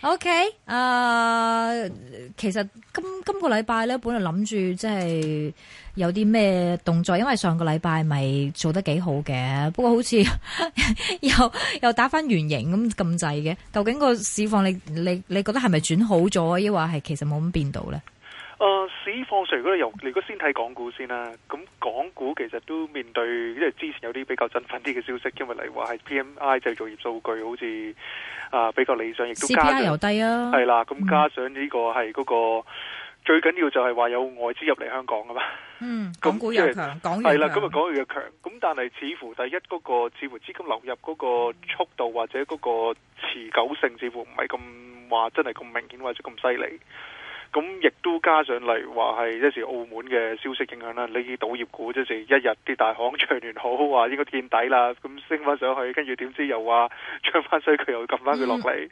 O K，誒，其實今今個禮拜咧，本來諗住即係有啲咩動作，因為上個禮拜咪做得幾好嘅，不過好似 又又打翻圓形咁咁滯嘅，究竟個市況你你你覺得係咪轉好咗，抑或係其實冇咁變到咧？誒、呃，市況上如果由如果先睇港股先啦，咁港股其實都面對，因為之前有啲比較振奮啲嘅消息，因為例如話係 P M I 製造業數據好似啊、呃、比較理想，亦都加 P I 又低係、啊、啦，咁加上呢個係嗰、那個、嗯、最緊要就係話有外資入嚟香港啊嘛、嗯，嗯，港股強、就是，港係啦，咁啊講元嘅強，咁但係似乎第一嗰、那個似乎資金流入嗰個速度或者嗰個持久性，似乎唔係咁話真係咁明顯或者咁犀利。咁亦都加上嚟話係一時澳門嘅消息影響啦，你啲賭業股即係一日啲大行唱好，長年好話應該見底啦，咁升翻上去，跟住點知又話唱翻衰佢又撳翻佢落嚟。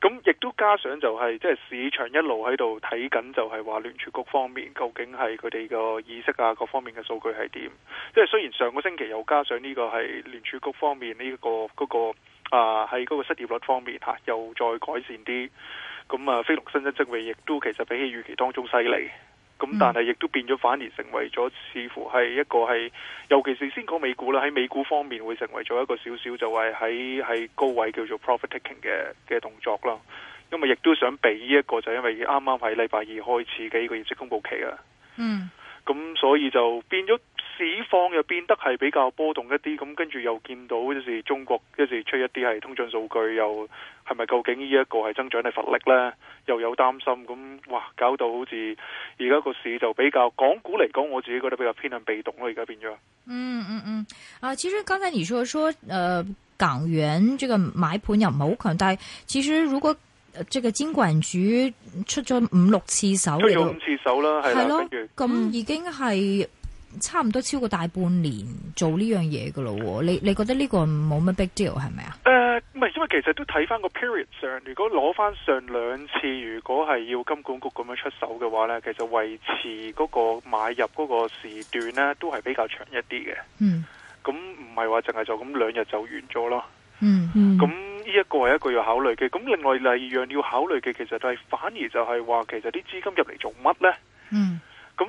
咁亦都加上就係、是、即係市場一路喺度睇緊，就係話聯儲局方面究竟係佢哋個意識啊，各方面嘅數據係點？即係雖然上個星期又加上呢個係聯儲局方面呢、這個嗰、那個啊喺嗰個失業率方面吓、啊，又再改善啲。咁啊，非農新增職位亦都其實比起預期當中犀利，咁但係亦都變咗反而成為咗，似乎係一個係，尤其是先講美股啦，喺美股方面會成為咗一個少少就係喺喺高位叫做 profit taking 嘅嘅動作啦，因為亦都想避呢一個，就因為啱啱喺禮拜二開始嘅呢個業績公布期啊，嗯，咁所以就變咗。市況又變得係比較波動一啲，咁跟住又見到好似中國，一時出一啲係通脹數據又，又係咪究竟呢一個係增長係乏力咧？又有擔心，咁哇，搞到好似而家個市就比較，港股嚟講，我自己覺得比較偏向被動咯，而家變咗。嗯嗯嗯，啊、嗯，其實剛才你說，說，呃，港元這個買盤又唔係好強，但係其實如果即個金管局出咗五六次手，出咗五次手啦，係啦，跟住咁、嗯、已經係。差唔多超過大半年做呢樣嘢噶咯，你你覺得呢個冇乜 big deal 係咪啊？誒，唔係，因為其實都睇翻個 period 上，如果攞翻上兩次，如果係要金管局咁樣出手嘅話呢，其實維持嗰個買入嗰個時段呢，都係比較長一啲嘅。嗯，咁唔係話淨係就咁兩日就完咗咯。嗯嗯，咁呢一個係一個要考慮嘅，咁另外第二樣要考慮嘅，其實係反而就係話，其實啲資金入嚟做乜呢？嗯，咁。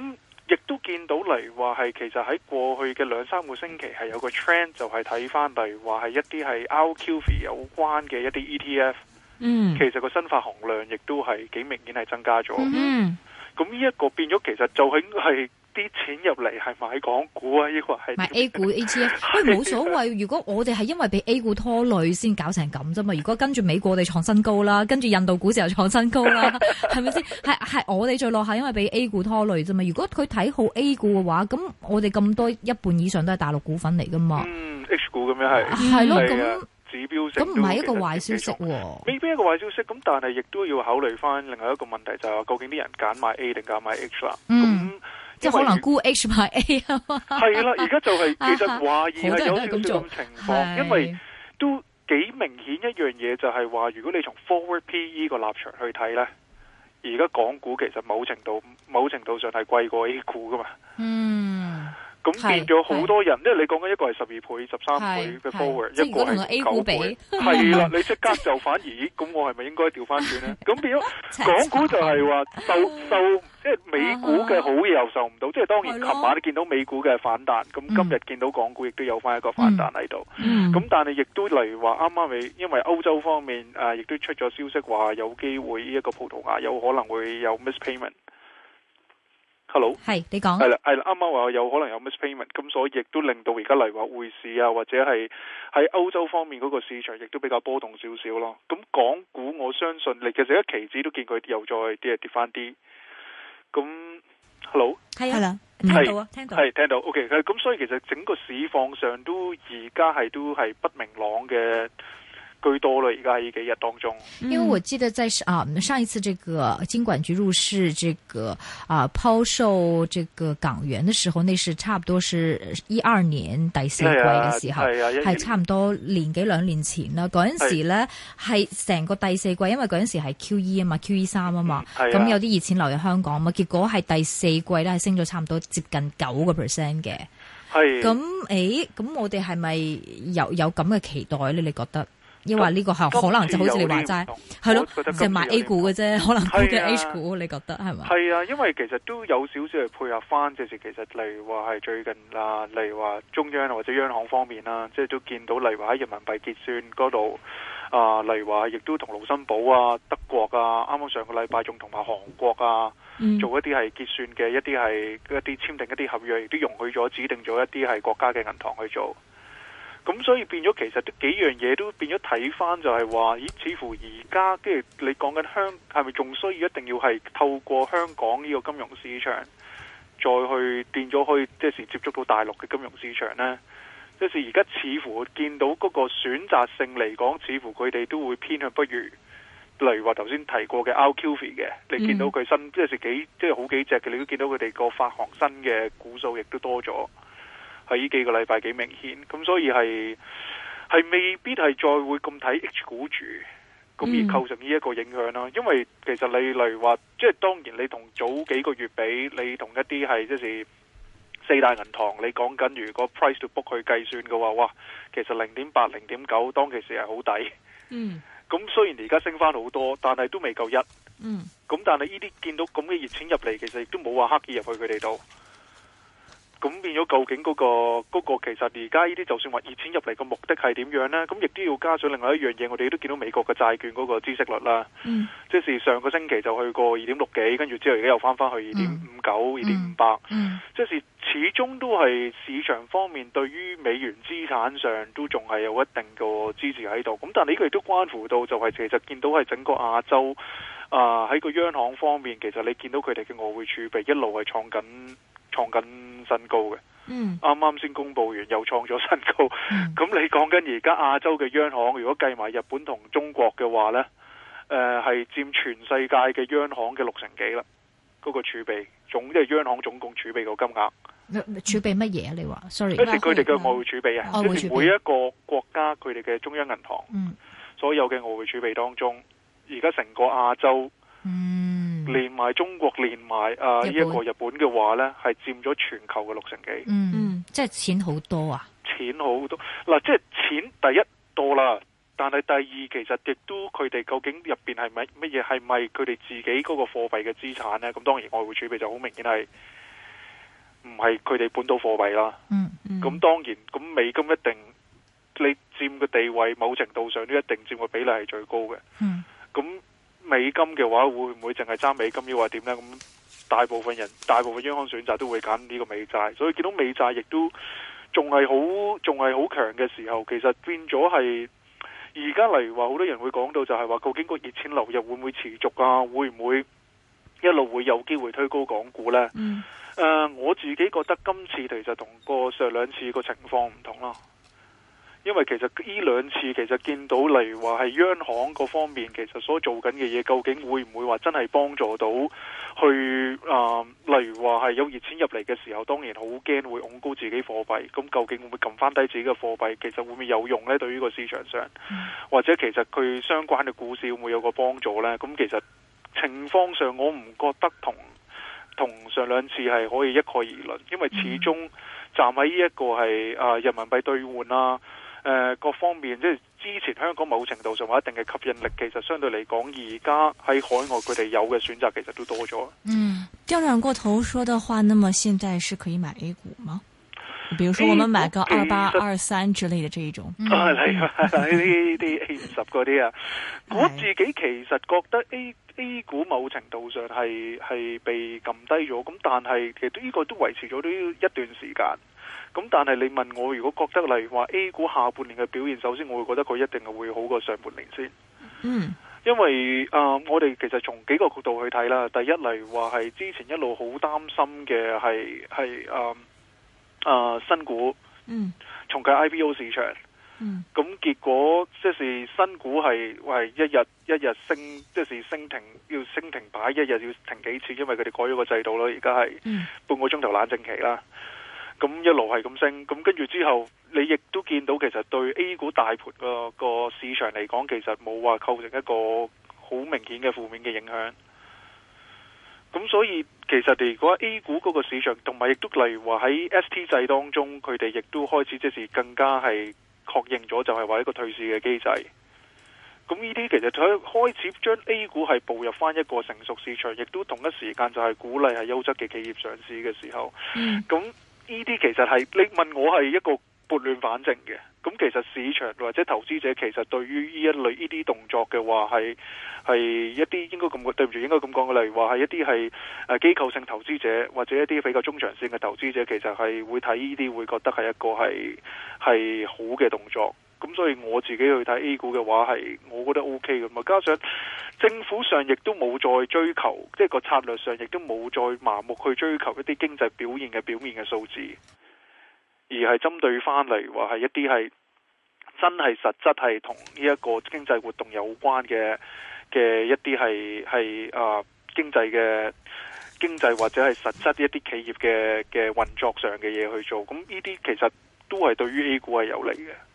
見到嚟話係其實喺過去嘅兩三個星期係有個 trend，就係睇翻例如話係一啲係 LQF 有關嘅一啲 ETF、嗯、其實個新發行量亦都係幾明顯係增加咗。嗯咁呢一個變咗，其實就係應該係啲錢入嚟，係買港股啊，抑或係買 A 股 A 股，因 冇所謂。 如果我哋係因為俾 A 股拖累先搞成咁啫嘛。如果跟住美國我哋創新高啦，跟住印度股市又創新高啦，係咪先？係係我哋最落後，因為俾 A 股拖累啫嘛。如果佢睇好 A 股嘅話，咁我哋咁多一半以上都係大陸股份嚟噶嘛。嗯，H 股咁樣係係 咯咁。指標升都其實繼續，未必一個壞消息。咁但係亦都要考慮翻另外一個問題，就係話究竟啲人揀買 A 定揀買 H 啦。咁即係可能估 H 買 A 啊嘛。係啦，而家就係其實懷疑係有少少情況，因為都幾明顯一樣嘢，就係話如果你從 forward PE 個立場去睇咧，而家港股其實某程度某程度上係貴過 A 股噶嘛。嗯。咁變咗好多人，因為你講緊一個係十二倍、十三倍嘅 forward，一個係九倍，係啦，你即刻就反而，咁我係咪應該調翻轉咧？咁變咗港股就係話受受，即係美股嘅好嘢又受唔到，即係當然琴晚你見到美股嘅反彈，咁今日見到港股亦都有翻一個反彈喺度。咁但係亦都例如話啱啱你，因為歐洲方面誒，亦都出咗消息話有機會呢一個葡萄牙有可能會有 miss payment。hello，係你講係啦係啦，啱啱話有可能有 miss payment，s 咁所以亦都令到而家嚟話匯市啊，或者係喺歐洲方面嗰個市場亦都比較波動少少咯。咁港股我相信，你其實一期指都見佢又再即係跌翻啲。咁，hello，係啦，聽到啊，聽到了，係聽到了聽到了。OK，咁所以其實整個市況上都而家係都係不明朗嘅。居多啦！而家喺呢幾日當中，因為我記得在啊上一次這個金管局入市，這個啊拋售這個港元嘅時候呢，那是差不多是一二年第四季嘅時候，係、啊啊、差唔多年幾兩年前啦。嗰陣時咧係成個第四季，因為嗰陣時係 QE 啊嘛，QE 三啊嘛，咁、嗯啊、有啲熱錢流入香港嘛，結果係第四季咧係升咗差唔多接近九個 percent 嘅，咁誒，咁、欸、我哋係咪有有咁嘅期待咧？你覺得？亦話呢個係可能就好似你話齋，係咯，即係買 A 股嘅啫、嗯，可能沽嘅 H 股、啊，你覺得係嘛？係啊，因為其實都有少少係配合翻，即是其實例如話係最近啊，例如話中央或者央行方面啦，即係都見到例如話喺人民幣結算嗰度啊，例如話亦都同盧森堡啊、德國啊，啱啱上個禮拜仲同埋韓國啊，嗯、做一啲係結算嘅一啲係一啲簽訂一啲合約，亦都容許咗指定咗一啲係國家嘅銀行去做。咁所以變咗，其實幾樣嘢都變咗，睇翻就係話咦，似乎而家即係你講緊香，係咪仲需要一定要係透過香港呢個金融市場再去變咗可以即時接觸到大陸嘅金融市場咧？即、即係而家似乎見到嗰個選擇性嚟講似乎佢哋都會偏向不如，例如話頭先提過嘅 R Q V 嘅、嗯，你見到佢新即係、即係、幾即係、即係、好幾隻嘅，你都見到佢哋個發行新嘅股數亦都多咗。喺呢幾個禮拜幾明顯，咁所以係係未必係再會咁睇 H 股住，咁而構成呢一個影響啦、啊嗯。因為其實你例如話，即係當然你同早幾個月比，你同一啲係即係四大銀行，你講緊如果 price to book 去計算嘅話，哇，其實零點八、零點九，當其時係好抵。嗯。咁雖然而家升翻好多，但係都未夠一。嗯。咁但係呢啲見到咁嘅熱錢入嚟，其實亦都冇話刻意入去佢哋度。變咗究竟嗰個嗰個，那個、其實而家呢啲就算話熱錢入嚟嘅目的係點樣呢？咁亦都要加上另外一樣嘢，我哋都見到美國嘅債券嗰個孳息率啦、嗯。即是上個星期就去過二點六幾，跟住之後而家又翻翻去二點五九、二點五八。即是始終都係市場方面對於美元資產上都仲係有一定個支持喺度。咁但係呢個亦都關乎到，就係其實見到係整個亞洲啊喺、呃、個央行方面，其實你見到佢哋嘅外匯儲備一路係創緊創緊。新高嘅，啱啱先公布完又創咗新高。咁、嗯、你講緊而家亞洲嘅央行，如果計埋日本同中國嘅話咧，誒、呃、係佔全世界嘅央行嘅六成幾啦。嗰、那個儲備總即係央行總共儲備個金額。儲備乜嘢啊？你話？sorry，即係佢哋嘅外匯儲備啊。即係每一個國家佢哋嘅中央銀行，嗯、所有嘅外匯儲備當中，而家成個亞洲。嗯。連埋中國連埋啊！呢、呃、一、這個日本嘅話呢，係佔咗全球嘅六成幾，嗯。嗯，即係錢好多啊！錢好多嗱，即係錢第一多啦。但係第二，其實亦都佢哋究竟入邊係咪乜嘢？係咪佢哋自己嗰個貨幣嘅資產呢？咁當然外匯儲備就好明顯係唔係佢哋本土貨幣啦。咁、嗯嗯、當然，咁美金一定你佔嘅地位，某程度上都一定佔嘅比例係最高嘅。咁、嗯。美金嘅話，會唔會淨係揸美金？要話點呢？咁大部分人，大部分央行選擇都會揀呢個美債。所以見到美債亦都仲係好，仲係好強嘅時候，其實變咗係而家嚟話，好多人會講到就係話，究竟個熱錢流入會唔會持續啊？會唔會一路會有機會推高港股呢？嗯 uh, 我自己覺得今次其實同個上兩次個情況唔同咯。因為其實呢兩次其實見到，例如話係央行嗰方面，其實所做緊嘅嘢，究竟會唔會話真係幫助到去啊、呃？例如話係有熱錢入嚟嘅時候，當然好驚會拱高自己貨幣。咁究竟會唔會撳翻低自己嘅貨幣？其實會唔會有用呢？對於個市場上，mm. 或者其實佢相關嘅股市會唔會有個幫助呢？咁其實情況上我唔覺得同同上兩次係可以一概而論，因為始終站喺呢一個係啊人民幣兌換啦。誒、呃，各方面即係之前香港某程度上話一定嘅吸引力，其實相對嚟講，而家喺海外佢哋有嘅選擇，其實都多咗。嗯，調轉過頭說的話，那麼現在是可以買 A 股嗎？比如說，我們買個二八二三之類的這一種。嗯、啊，嚟噶，啲 A 五十嗰啲啊，我自己其實覺得 A A 股某程度上係係被撳低咗，咁但係其實呢個都維持咗呢一段時間。咁但係你問我如果覺得例如話 A 股下半年嘅表現，首先我會覺得佢一定係會好過上半年先。嗯，因為啊、呃，我哋其實從幾個角度去睇啦。第一，例如話係之前一路好擔心嘅係係啊啊新股。嗯。從佢 IPO 市場。咁、嗯、結果即是新股係一日一日升，即、就是升停要升停牌一日要停幾次，因為佢哋改咗個制度囉。而家係半個鐘頭冷靜期啦。咁一路係咁升，咁跟住之後，你亦都見到其實對 A 股大盤個、嗰個市場嚟講，其實冇話構成一個好明顯嘅負面嘅影響。咁所以其實如果 A 股嗰個市場，同埋亦都例如話喺 ST 制當中，佢哋亦都開始即時更加係確認咗，就係話一個退市嘅機制。咁呢啲其實開開始將 A 股係步入翻一個成熟市場，亦都同一時間就係鼓勵係優質嘅企業上市嘅時候。嗯，咁。呢啲其實係你問我係一個撥亂反正嘅，咁其實市場或者投資者其實對於呢一類呢啲動作嘅話係係一啲應該咁對唔住應該咁講嘅，例如話係一啲係誒機構性投資者或者一啲比較中長線嘅投資者，其實係會睇呢啲會覺得係一個係係好嘅動作。咁所以我自己去睇 A 股嘅話，係我覺得 O K 嘅。加上政府上亦都冇再追求，即係個策略上亦都冇再盲目去追求一啲經濟表現嘅表面嘅數字，而係針對翻嚟話係一啲係真係實質係同呢一個經濟活動有關嘅嘅一啲係係啊經濟嘅經濟或者係實質一啲企業嘅嘅運作上嘅嘢去做。咁呢啲其實都係對於 A 股係有利嘅。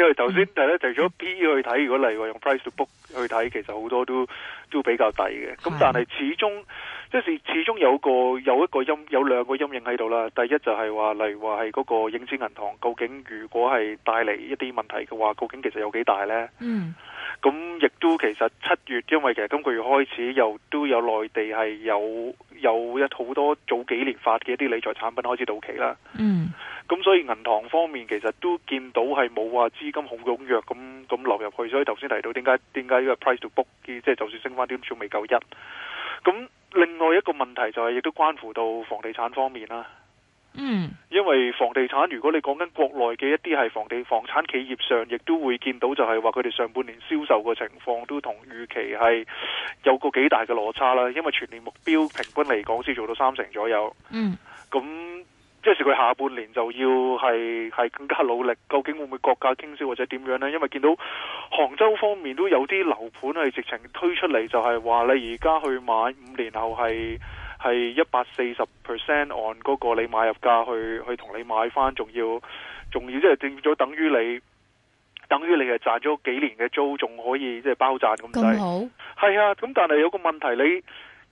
因為頭先係咧，除咗 P 去睇，如果例如話用 Price to Book 去睇，其實好多都都比較抵嘅。咁但係始終，即係始終有一個有一個陰，有兩個陰影喺度啦。第一就係話，例如話係嗰個影子銀行，究竟如果係帶嚟一啲問題嘅話，究竟其實有幾大咧？嗯。咁亦都其實七月，因為其實今個月開始又都有內地係有有一好多早幾年發嘅一啲理財產品開始到期啦。嗯，咁所以銀行方面其實都見到係冇話資金好踴躍咁咁流入去，所以頭先提到點解點解呢個 price to book 啲，即係就算升翻啲仲未夠一。咁另外一個問題就係亦都關乎到房地產方面啦。嗯，因為房地產如果你講緊國內嘅一啲係房地房產企業上，亦都會見到就係話佢哋上半年銷售嘅情況都同預期係有個幾大嘅落差啦。因為全年目標平均嚟講先做到三成左右。嗯，咁即係佢下半年就要係係更加努力。究竟會唔會國家傾銷或者點樣咧？因為見到杭州方面都有啲樓盤係直情推出嚟，就係、是、話你而家去買五年後係。係一百四十 percent on 嗰個你買入價去去同你買翻，仲要仲要即係整咗等於你，等於你係賺咗幾年嘅租，仲可以即係包賺咁滯。咁好係啊，咁但係有個問題，你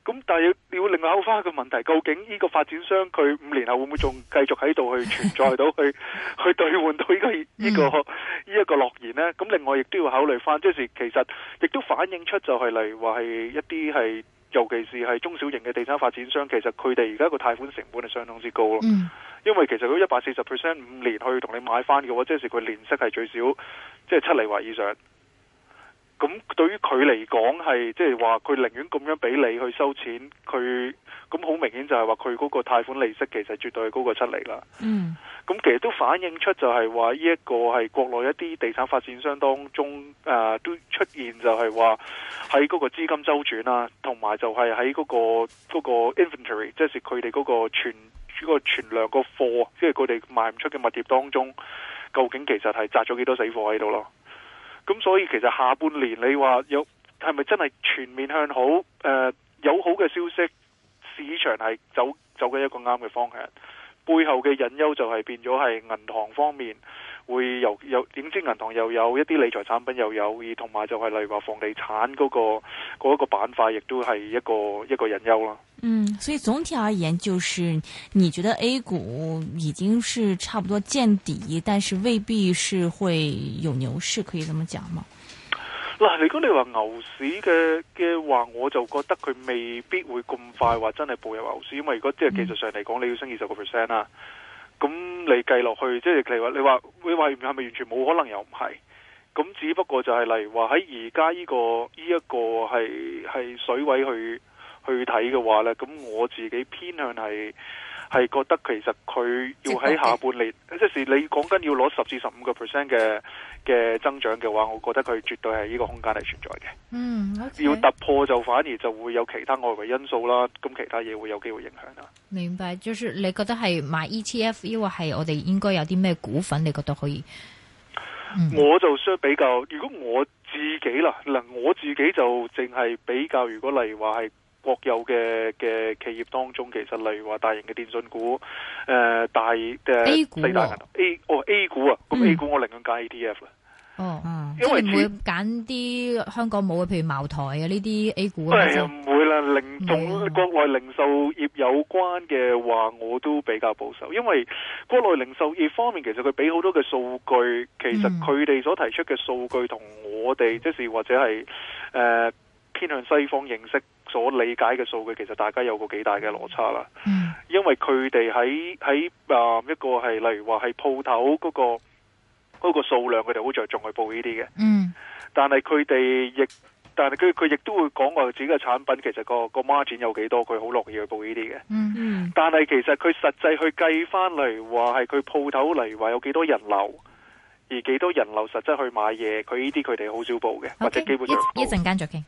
咁但係要另外考翻一個問題，究竟呢個發展商佢五年後會唔會仲繼續喺度去存在到 去去兌換到呢、這個呢、嗯這個呢一、這個諾言呢？咁另外亦都要考慮翻，即係其實亦都反映出就係嚟話係一啲係。尤其是係中小型嘅地產發展商，其實佢哋而家個貸款成本係相當之高咯、嗯。因為其實佢一百四十 percent 五年去同你買返嘅話，即、即係佢年息係最少即係、即係、七厘或以上。咁對於佢嚟講係，即係話佢寧願咁樣俾你去收錢，佢咁好明顯就係話佢嗰個貸款利息其實絕對係高過七厘啦。嗯，咁其實都反映出就係話呢一個係國內一啲地產發展商當中、啊，誒都出現就係話喺嗰個資金周轉啦，同埋就係喺嗰個嗰個 inventory，即係佢哋嗰個存嗰存量個貨，即係佢哋賣唔出嘅物業當中，究竟其實係集咗幾多死貨喺度咯？咁所以其實下半年你話有係咪真係全面向好？誒、呃、有好嘅消息，市場係走走緊一個啱嘅方向，背後嘅隱憂就係變咗係銀行方面。會有、有影子銀行又有一啲理財產品又有，而同埋就係例如話房地產嗰、那個、那個板塊，亦都係一個一個隱憂咯。嗯，所以總體而言，就是你覺得 A 股已經是差不多見底，但是未必是會有牛市，可以咁樣講嗎？嗱，如果你話牛市嘅嘅話，我就覺得佢未必會咁快話真係步入牛市，因為如果、嗯、即係技術上嚟講，你要升二十個 percent 啦。咁你計落去，即係你話你話你話係咪完全冇可能又？又唔係？咁只不過就係例如話喺而家呢個呢一個係係水位去去睇嘅話呢，咁我自己偏向係係覺得其實佢要喺下半年，即，Okay. 係你講緊要攞十至十五個 percent 嘅。嘅增長嘅話，我覺得佢絕對係呢個空間係存在嘅。嗯、okay，要突破就反而就會有其他外圍因素啦。咁其他嘢會有機會影響啦。明白，就算、是、你覺得係買 ETF，抑或係我哋應該有啲咩股份？你覺得可以？嗯、我就相比較，如果我自己啦，嗱，我自己就淨係比較。如果例如話係國有嘅嘅企業當中，其實例如話大型嘅電信股，誒、呃，大誒四大銀行 A 哦 A 股啊，咁 A,、哦 A, 啊嗯、A 股我寧願加 ETF 啦。哦，因為唔會揀啲香港冇嘅，譬如茅台啊呢啲 A 股啊，係唔會啦，零同國內零售業有關嘅話，我都比較保守，因為國內零售業方面，其實佢俾好多嘅數據，其實佢哋所提出嘅數據同我哋、嗯，即是或者係誒、呃、偏向西方認識所理解嘅數據，其實大家有個幾大嘅落差啦。嗯，因為佢哋喺喺誒一個係例如話係鋪頭嗰個。嗰、那個數量佢哋好著重去報呢啲嘅，嗯，但係佢哋亦，但係佢佢亦都會講自己嘅產品其實個個 margin 有幾多，佢好樂意去報呢啲嘅，嗯嗯，但係其實佢實際去計翻嚟話係佢鋪頭，例如話有幾多人流，而幾多人流實質去買嘢，佢呢啲佢哋好少報嘅，okay, 或者基本上一陣間再傾。